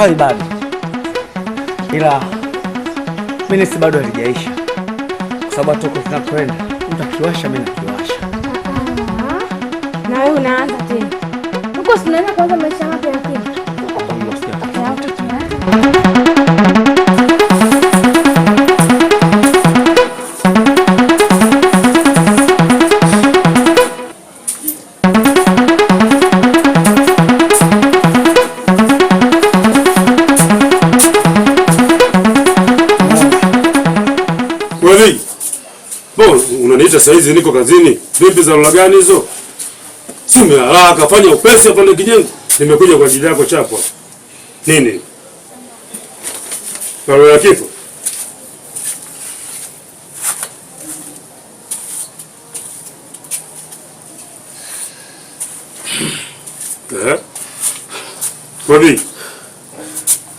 Swali bado, ila minisi bado halijaisha, kwa sababu hata huko tunakwenda utakiwasha, mimi nakiwasha na wewe unaanza tena huko, sinaenda kwanza sasa hizi niko kazini? Vipi za lola gani hizo? Si haraka fanya upesi hapo ndani kijengo. Nimekuja kwa ajili yako chapo. Nini? Barua ya kifo. Eh?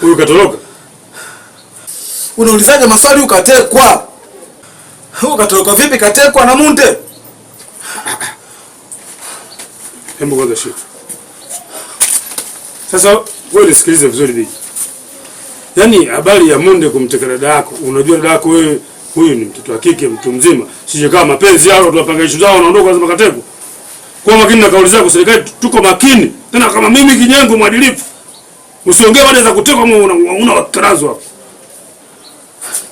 Huyu katoroka. Unaulizaje maswali ukatekwa? Huko katoka vipi katekwa na munde? Hebu ngoja shika. Sasa wewe nisikilize vizuri biji. Yaani habari ya munde kumteka dada yako, unajua dada yako wewe huyu ni mtoto wa kike mtu mzima. Sije kama mapenzi yao tunapanga ishu zao unaondoka lazima katekwa. Kwa makini na kauli zako serikali tuko makini. Tena kama mimi kinyango mwadilifu. Usiongee baada za kutekwa una una, una watarazo hapo.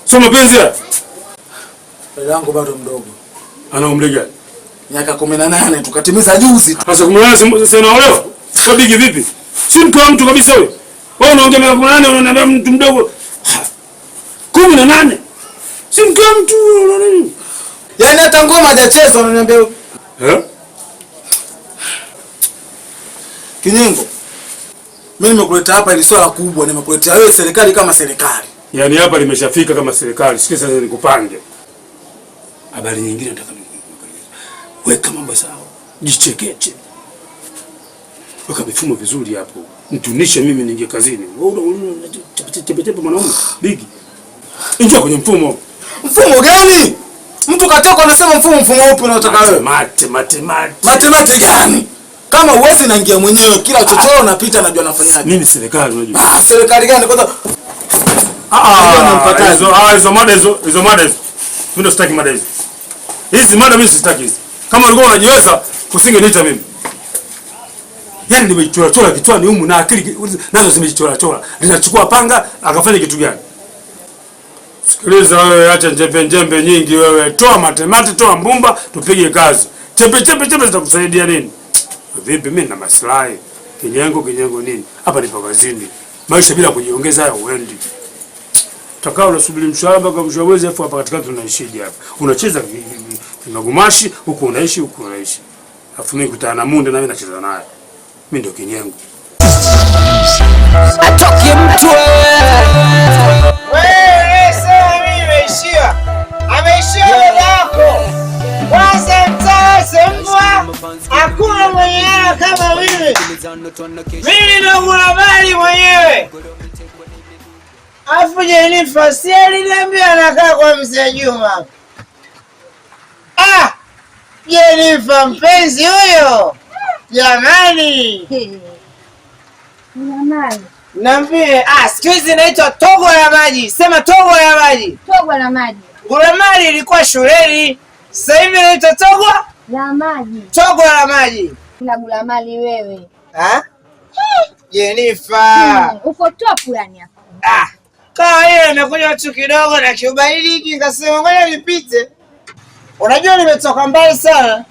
Sio mapenzi haya. Dada yangu bado mdogo. Ana umri gani? Miaka 18 tukatimiza juzi tu. Sasa 18 sasa unaolewa? Sio bigi vipi? Si mtu wa mtu kabisa wewe. Wewe unaongea miaka 18 unaona mtu mdogo. 18. Si mtu wa mtu unaona nini? Yaani hata ngoma hajacheza unaniambia. wewe. Eh? Kinyengo. Mimi nimekuleta hapa ili swala kubwa, nimekuletea wewe serikali kama serikali. Yaani hapa limeshafika kama serikali. Sikia sasa nikupange habari nyingine nataka weka mambo sawa, jichekeche, weka mifumo vizuri hapo. Mtunishe mimi ningie kazini, tepetepe mwanaume bigi, ingia kwenye mfumo. Mfumo gani? Mtu katoka anasema mfumo. Mfumo upi unaotaka wewe? Mate mate mate mate mate gani? Kama uwezi naingia mwenyewe, kila uchochoro ah. napita, najua nafanyaje. Mimi serikali, unajua ah, serikali gani kwanza? Ah, ah, ah hizo mada hizo, hizo mada hizo, mimi ndo sitaki mada hizo hizi mada mimi sizitaki hizi. Kama ulikuwa unajiweza usingeniita mimi. Yaani nimejichora chora kichwani humu na akili nazo zimechora chora. Linachukua panga akafanya kitu gani? Sikiliza wewe, acha njembe njembe nyingi wewe. Toa matemati, toa mbumba, tupige kazi. Chepe chepe chepe zitakusaidia nini? Vipi mimi na maslahi? Kinyango kinyango nini? Hapa ni pagazini. Maisha bila kujiongeza hayo uendi. Utakao unasubiri mshahara mpaka mshahara uweze hapa katikati tunaishije hapa? Unacheza Magumashi huku unaishi, huku unaishi. Alafu mimi kutana na munde na mimi nacheza naye. Mimi ndio kinyengo. Atoke mtu wewe. Wewe sasa mimi nimeishia. Ameishia yako. Kwanza mtase mbwa. Hakuna mwenye kama wewe. Mimi ndio mwanabali mwenyewe. Afu je, ni fasieli niambia anakaa kwa mzee Juma. Jenifa mpenzi huyo, jamani, nambie Ah, siku hizi inaitwa togo la maji. Sema togo la maji. Togo la maji, gulamali ilikuwa shuleni, sasa hivi inaitwa togo la maji. Togo la maji na gulamali wewe. Ha? Jenifa, hmm, uko top yani hapo. Ah, kawa hiyo imekuja tu kidogo na kiubaridi hiki, nikasema ngoja nipite Unajua nimetoka mbali sana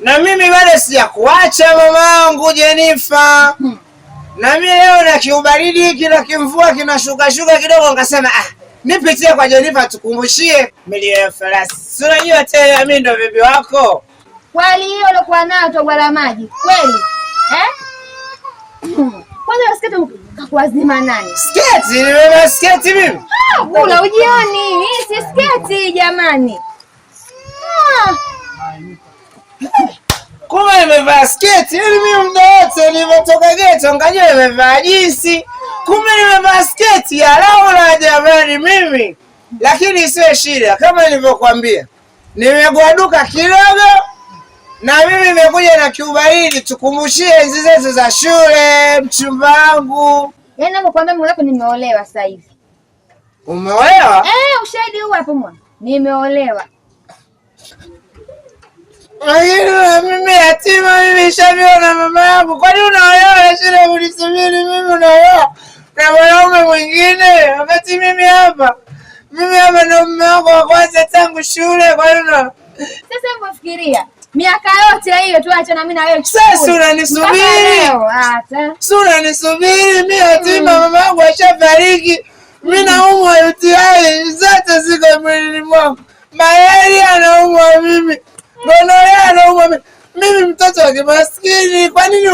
na mimi bado sijakuacha mama wangu Jenifa. Na mimi leo na kiubaridi hiki na kimvua kinashuka shuka kidogo, nikasema ah, nipitie kwa Jenifa tukumbushie milio ya farasi. Si unajua tena mimi ndo bibi wako kweli, hiyo ulikuwa nayo togwa la maji kweli eh? Kwanza sketi kakuazima nani? Sketi nimevaa sketi mimi. Ah, kula ujioni, hii si sketi jamani. Kuma nimevaa sketi, yaani mimi muda wote nimetoka geto ngajua nimevaa jinsi, kumbe nimevaa sketi ya Laura. Jamani mimi lakini isiwe shida, kama nilivyokuambia, nimegwaduka kidogo na mimi nimekuja na kiubaili, tukumbushie enzi zetu za shule, mchumba wangu. Yaani nakwambia mume wako nimeolewa sasa hivi. Umeolewa? Eh, ushahidi huu hapo Nimeolewa. Mimi yatima, mimi shaviona mama yangu. Kwani unaolewa shida kunisubiri mimi? Unaolewa na mwanaume mwingine, wakati mimi hapa, mimi hapa ndo mume wako wa kwanza tangu shule. Kwani una sasa unafikiria miaka yote hiyo tuache na mimi na wewe. Sasa unanisubiri, si unanisubiri mimi yatima, mm. mama yangu ashafariki, mimi mm. naumwa UTI zote ziko mwilini mwangu, malaria anaumwa mimi gono mtoto wa kimaskini, kwa nini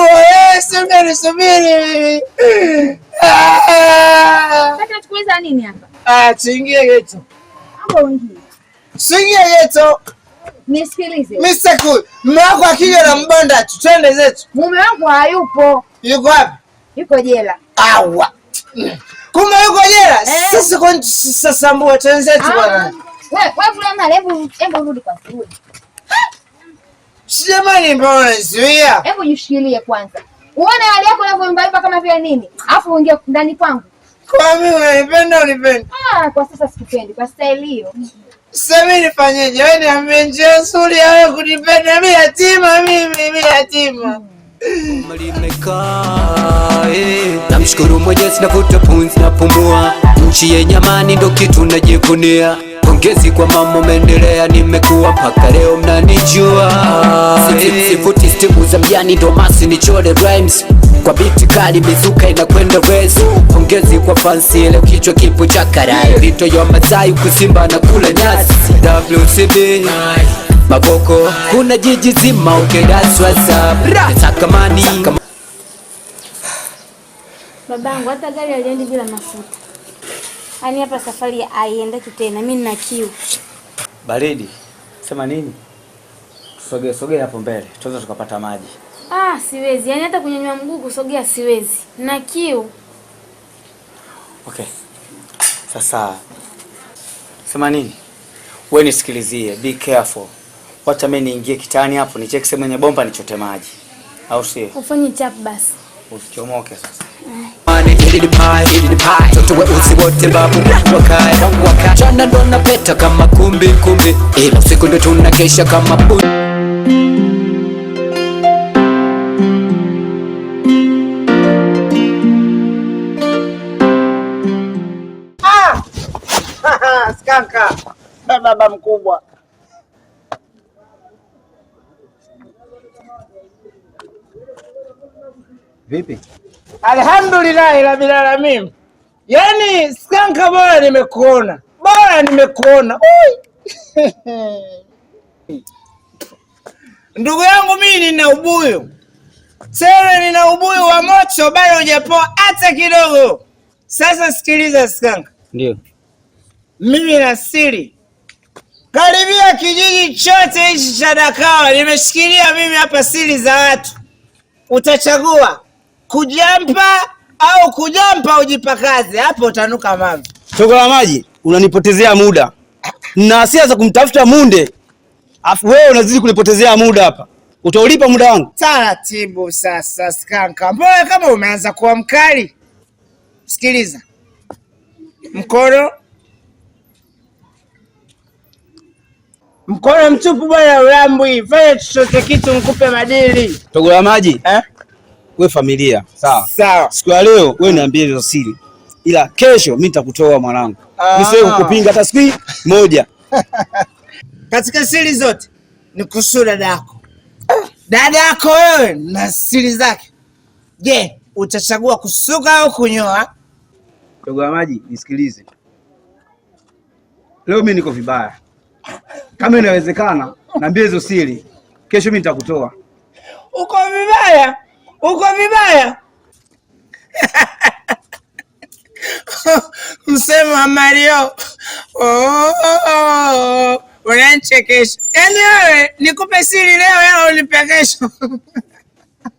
nisubiri? Ah. Ah, tuingie geto, tuingie geto. Nisikilize. Mr. Cool, mume wako akija na mbonda tu twende zetu. Mume wangu hayupo. Yuko wapi? Yuko jela. Awa. Kumbe yuko jela. Eh. Sisi kwa nini sasa mbua twende zetu bwana? Wewe, wewe fulani hebu hebu rudi kwa kule. Jamani, mbona unanizuia? Hebu jishikilie kwanza, uone hali yako unavyoimbaimba kama vile nini, alafu uingie ndani kwangu. Kwa mimi unanipenda, unipendi? Ah, kwa sasa sikupendi, kwa staili hiyo. Sasa mimi nifanyeje? Wewe niambie njia nzuri ya wewe kunipenda mimi. Yatima mimi, mimi yatima. Eh. Namshukuru Mwenyezi, na kutapunzi na pumua, Nchi yenye amani ndo kitu najivunia. Pongezi kwa mambo mendelea, nimekuwa mpaka leo mnanijua. Sifuti stimu za mjani, ndo masi chole rhymes kwa biti kali, mizuka inakwenda wezi. Pongezi kwa fansi, leo kichwa kipo cha vito ya Masai kusimba na kula nyasi WCB Maboko kuna jiji zima ukedaswasakamani babangu, hata gari aliendi bila mafuta. Yaani hapa safari haiendeki tena, mimi nina kiu. Baridi. Sema nini? Tusogee sogee hapo mbele. Tuweza tukapata maji. Ah, siwezi. Yaani hata kunyanyua mguu kusogea siwezi. Na kiu. Okay. Sasa sema nini? Wewe nisikilizie. Be careful. Wacha mimi niingie kitani hapo nicheki sehemu yenye bomba nichote maji. Au sio? Ufanye chap basi usichomoke sasa. wote babu ndo napeta kama kumbi kumbi, ila usiku ndo tunakesha kama baba mkubwa Vipi? Alhamdulillahi rabbil alamin. Yaani skanka bora nimekuona, bora nimekuona. Ndugu yangu mimi nina ubuyu Sasa nina ubuyu wa moto, bado hujapoa hata kidogo. Sasa sikiliza skanka, ndio mimi na siri karibia kijiji chote hichi cha Dakawa nimeshikilia mimi hapa siri za watu, utachagua kujampa au kujampa kazi hapo utanuka mama. Choko la maji, unanipotezea muda na hasira za kumtafuta munde, afu wewe unazidi kunipotezea muda hapa. Utaulipa muda wangu taratibu. Sasa skanka, mbona kama umeanza kuwa mkali? Sikiliza mkono mkono mtupu bwana, ulambwi. Fanya chochote kitu nikupe madili. la maji eh? we familia sawa sawa. Siku ya leo we niambie hizo siri, ila kesho mi nitakutoa mwanangu, nisiwe ah. kukupinga hata siku moja. Katika siri zote ni kusudi dada yako, dada yako wewe na siri zake. Je, utachagua kusuka au kunyoa? Dogo wa maji, nisikilize leo, mi niko vibaya. Kama inawezekana, niambie hizo siri, kesho mi nitakutoa. Uko vibaya uko vibaya msema Mario. Oh, oh, oh. Unanichekesha yaani, wewe nikupe siri leo yao unipe kesho.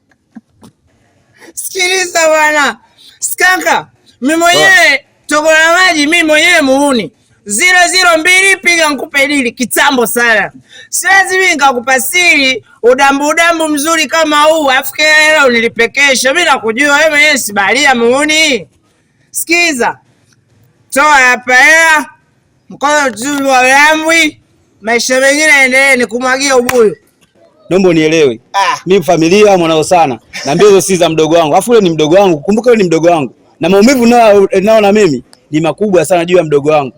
Sikiliza bwana Skanka, mi mwenyewe togola maji, mi mwenyewe muuni zero zero mbili piga nkupe dili kitambo sana. Siwezi mimi nikakupa siri udambu udambu mzuri kama huu afike hela unilipekesha. Mimi nakujua wewe mwenyewe sibalia muuni. Sikiza. Toa hapa hela. Mkono juu wa lambwi. Maisha mengine endelee nikumwagia ubuyu. Naomba unielewe. Ah. Mimi familia mwanao sana. Na mbio si za mdogo wangu. Afu ule ni mdogo wangu. Kumbuka ule ni mdogo wangu. Na maumivu nao nao na mimi ni makubwa sana juu ya mdogo wangu.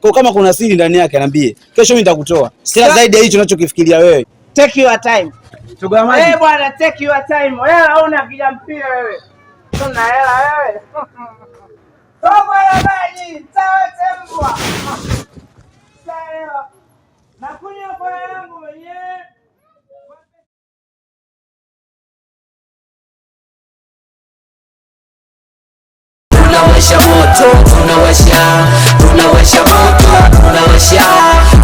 Kwa kama kuna siri ndani yake niambie. Kesho mimi nitakutoa. Sina zaidi ya hicho unachokifikiria wewe. Take your time. Tugamaji. Eh, bwana take your time. Wewe hauna vija mpira wewe. Una hela wewe. Soma la maji, sawa tembwa. Sawa. Na kunywa kwa yangu mwenyewe. Tunawasha moto, tunawasha tunawasha,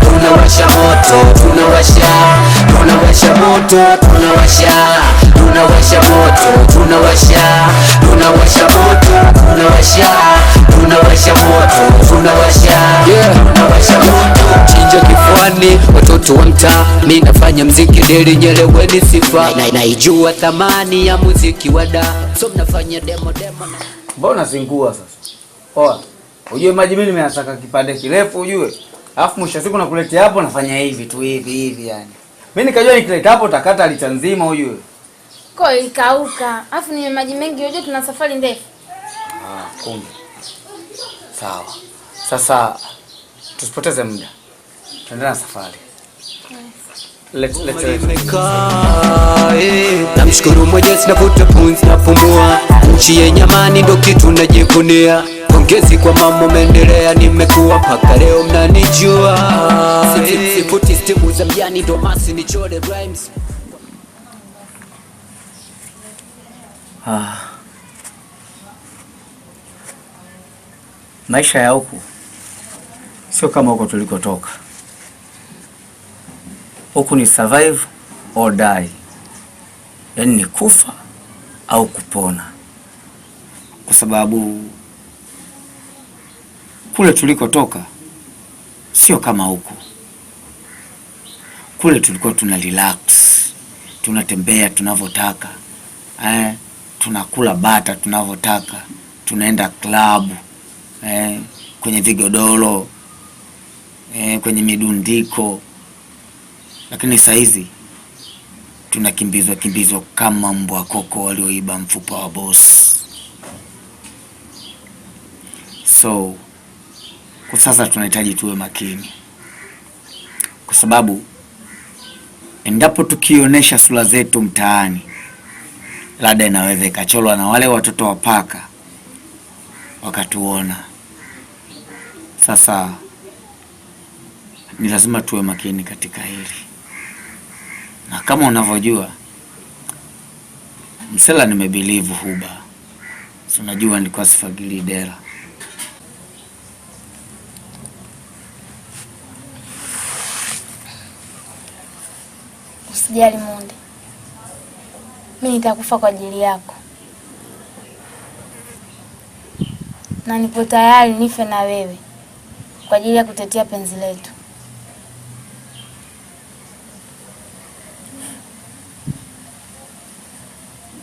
tunawasha moto, tunawasha, tunawasha moto, tunawasha, tunawasha moto, tunawasha, tunawasha moto, tunawasha, tunawasha moto, tunawasha, tunawasha moto, chinja kifuani, watoto wa mtaa, mimi nafanya mziki deli nyeleweni sifa, naijua thamani ya muziki wa da, so mnafanya demo demo. Mbona zingua sasa? Poa. Ujue maji mimi nimeyasaka kipande kirefu ujue. Alafu mwisho siku nakuletea hapo nafanya hivi tu hivi hivi yani. Mimi nikajua nikileta hapo takata lita nzima huyu. Kwa ikauka. Alafu ni maji mengi unajua tuna safari ndefu. Ah, kumbe. Sawa. Sasa tusipoteze muda. Tuendelee na safari. Namshukuru Mwenyezi, navuta pumzi, napumua. Nchi yenye amani ndo kitu najivunia. Pongezi kwa mambo mendelea, nimekuwa mpaka leo mnanijua. Sifuti stimu za mjani, domasi nichore rhymes. Ah. Maisha ya huku sio kama huko tulikotoka. Huku ni survive or die, yaani ni kufa au kupona, kwa sababu kule tulikotoka sio kama huku. Kule tulikuwa tuna relax, tunatembea tunavyotaka, eh, tunakula bata tunavyotaka, tunaenda klabu eh, kwenye vigodoro eh, kwenye midundiko. Lakini hizi tunakimbizwa kimbizwa kama mbwa koko walioiba mfupa wa bosi so kwa sasa tunahitaji tuwe makini, kwa sababu endapo tukionyesha sura zetu mtaani, labda inaweza ikacholwa na wale watoto wa paka wakatuona. Sasa ni lazima tuwe makini katika hili, na kama unavyojua msela, nimebilivu huba, si unajua nilikuwa sifagili dera Usijali Munde, mi nitakufa kwa ajili yako, na nipo tayari nife na wewe kwa ajili ya kutetea penzi letu.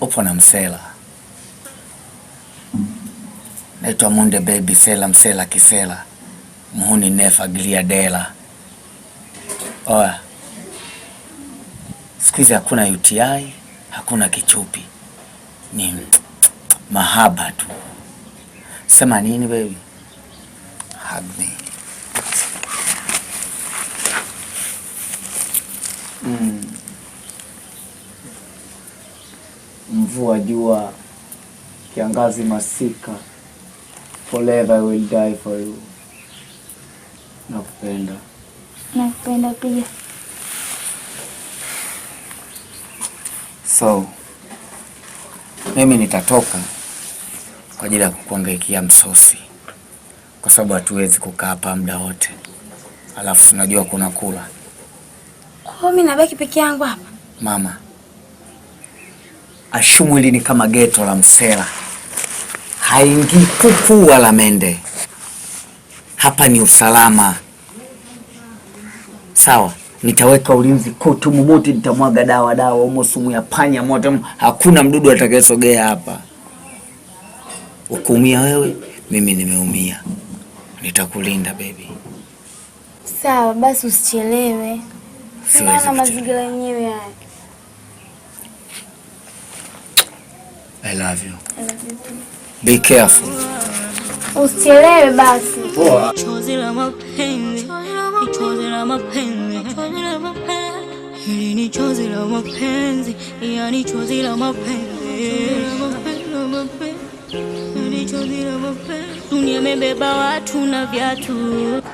Upo na Msela, naitwa Munde baby Sela Msela Kisela muhuni nefa gliadela oya Siku hizi hakuna UTI, hakuna kichupi, ni mahaba tu. Sema nini wewe? Hug Mm. Mvua, jua, kiangazi, masika, forever I will die for you. Nakupenda, nakupenda pia. So mimi nitatoka kwa ajili ya kukuangaikia msosi, kwa sababu hatuwezi kukaa hapa muda wote, alafu tunajua kuna kula. hiyo oh, mimi nabaki peke yangu hapa mama. Ashumwili ni kama geto la msela, haingii kuku wala mende. Hapa ni usalama, sawa? nitaweka ulinzi humu mote, nitamwaga dawa dawa humo, sumu ya panya moto, hakuna mdudu atakayesogea hapa. Ukuumia wewe, mimi nimeumia, nitakulinda baby. Sawa basi, usichelewe. Siwezi mazingira yenyewe haya. I love you. I love you Be careful. Usichelewe basi. Poa. Chozi la mapenzi. Chozi la mapenzi. Hili ni chozi la mapenzi, yani chozi la mapenzi. Dunia imebeba watu na viatu.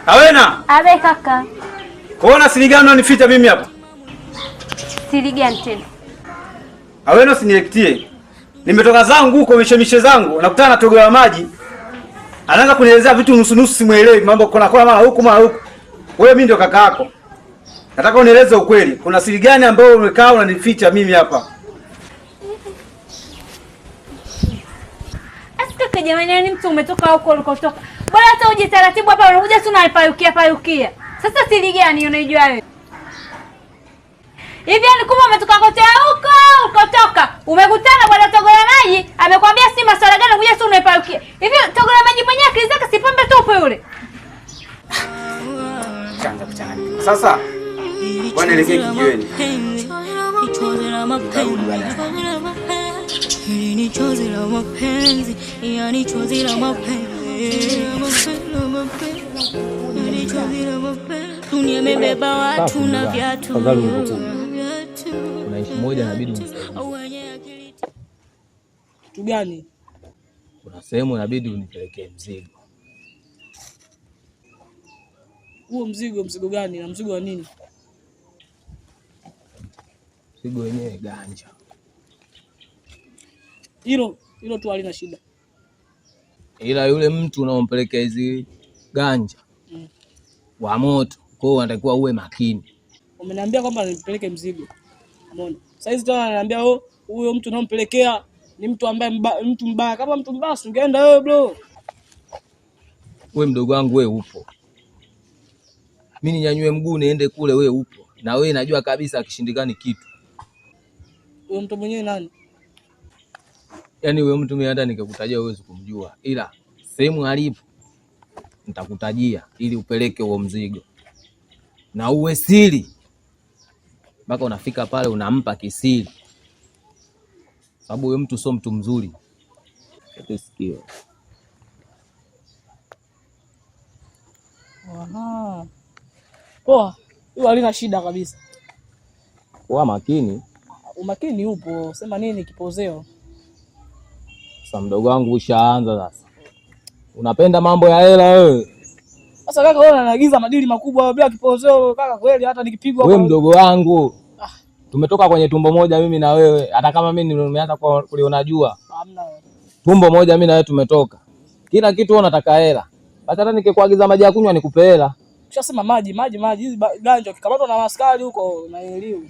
Kawena. Abe kaka. Kuona siri gani unanificha mimi hapa? Siri gani tena? Awena usinielektie. Nimetoka zangu huko mishemishe zangu, nakutana na togewa maji. Anaanza kunielezea vitu nusu nusu, simuelewi mambo, kuna kona mara huku mara huku. Wewe mimi ndio kaka yako. Nataka unieleze ukweli, kuna siri gani ambayo umekaa unanificha mimi hapa? Asikaka jamani, yani mtu umetoka huko ulikotoka, bora hata uje taratibu hapa, unakuja tu unapayukia payukia. Sasa siri gani unaijua wewe? Hivi yani kumbe umetoka kote huko ukotoka. Umekutana bwana Togola maji, amekwambia si masuala gani unakuja tu unaipaukia. Hivi Togola maji mwenyewe akili zake si pombe tupu yule. Sasa wanaelekea watu na viatu. kitu gani? Kuna sehemu inabidi unipelekee mzigo. Huo mzigo, mzigo gani? Na mzigo wa nini? pigo wenyewe ganja. Hilo hilo tu halina shida, ila yule mtu unaompelekea hizi ganja mm. wa moto, kwao unatakiwa uwe makini. Umeniambia kwamba nimpeleke mzigo, umeona? Sasa hizi tena ananiambia oh, huyo mtu unaompelekea ni mtu ambaye mba, mtu mbaya. Kama mtu mbaya singeenda wewe bro. Wewe mdogo wangu, we upo, mimi ninyanyue mguu niende kule, wewe upo na wewe, najua kabisa akishindikani kitu huyo mtu mwenyewe nani? Yaani huyo mtu mimi hata nikikutajia huwezi kumjua, ila sehemu alipo nitakutajia ili upeleke huo mzigo na uwe siri mpaka unafika pale unampa kisiri, sababu huyo mtu sio mtu mzuri. Sikio poa, hiyo halina shida kabisa. Kuwa makini umakini upo, sema nini kipozeo. Sasa mdogo wangu ushaanza sasa, unapenda mambo ya hela wewe. Sasa kaka, wewe unaagiza madili makubwa bila kipozeo kaka, kweli hata nikipigwa wewe, mdogo wangu ah, tumetoka kwenye tumbo moja mimi na wewe, hata kama mimi nimeanza kuliona jua, hamna tumbo moja mimi na wewe tumetoka, kila kitu wewe unataka hela. Basi hata nikikuagiza maji ya kunywa nikupe hela. Ushasema maji maji maji, hizi ganja kikamatwa na askari huko na elimu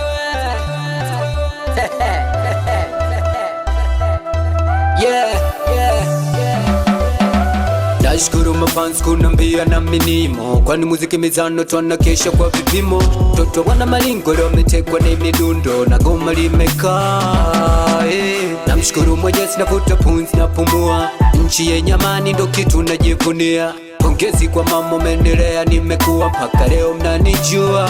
Naishukuru mafans kunambia na minimo, kwani muziki mizano kesha kwa vipimo. Toto wana malingo leo wametekwa na midundo na goma limekaa eh. Namshukuru Mwenyezi navuta pumzi napumua, nchi yenye amani ndo kitu najivunia. Pongezi kwa mama, umeendelea nimekuwa mpaka leo mnanijua.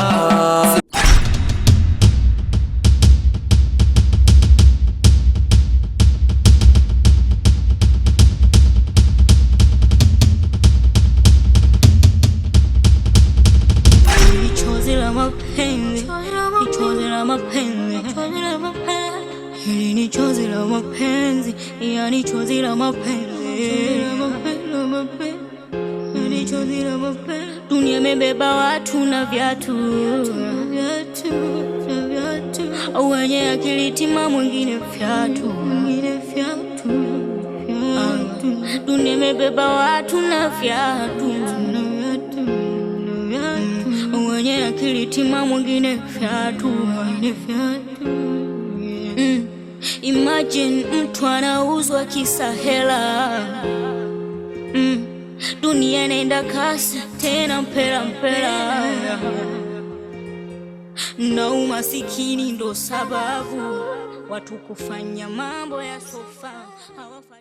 dunia imebeba watu na viatu, wenye akili timamu wengine viatu, dunia imebeba watu na viatu, wenye akili timamu wengine viatu. Mm. Imagine mtu anauzwa kisa hela mm dunia inaenda kasi tena, mpera mpera, na umasikini ndo sababu watu kufanya mambo ya sofa.